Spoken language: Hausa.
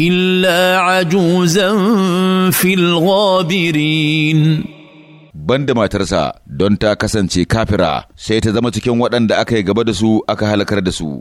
إلا عجوزا في الغابرين banda matarsa don ta kasance kafira sai ta zama cikin waɗanda aka yi gaba da su aka halakar da su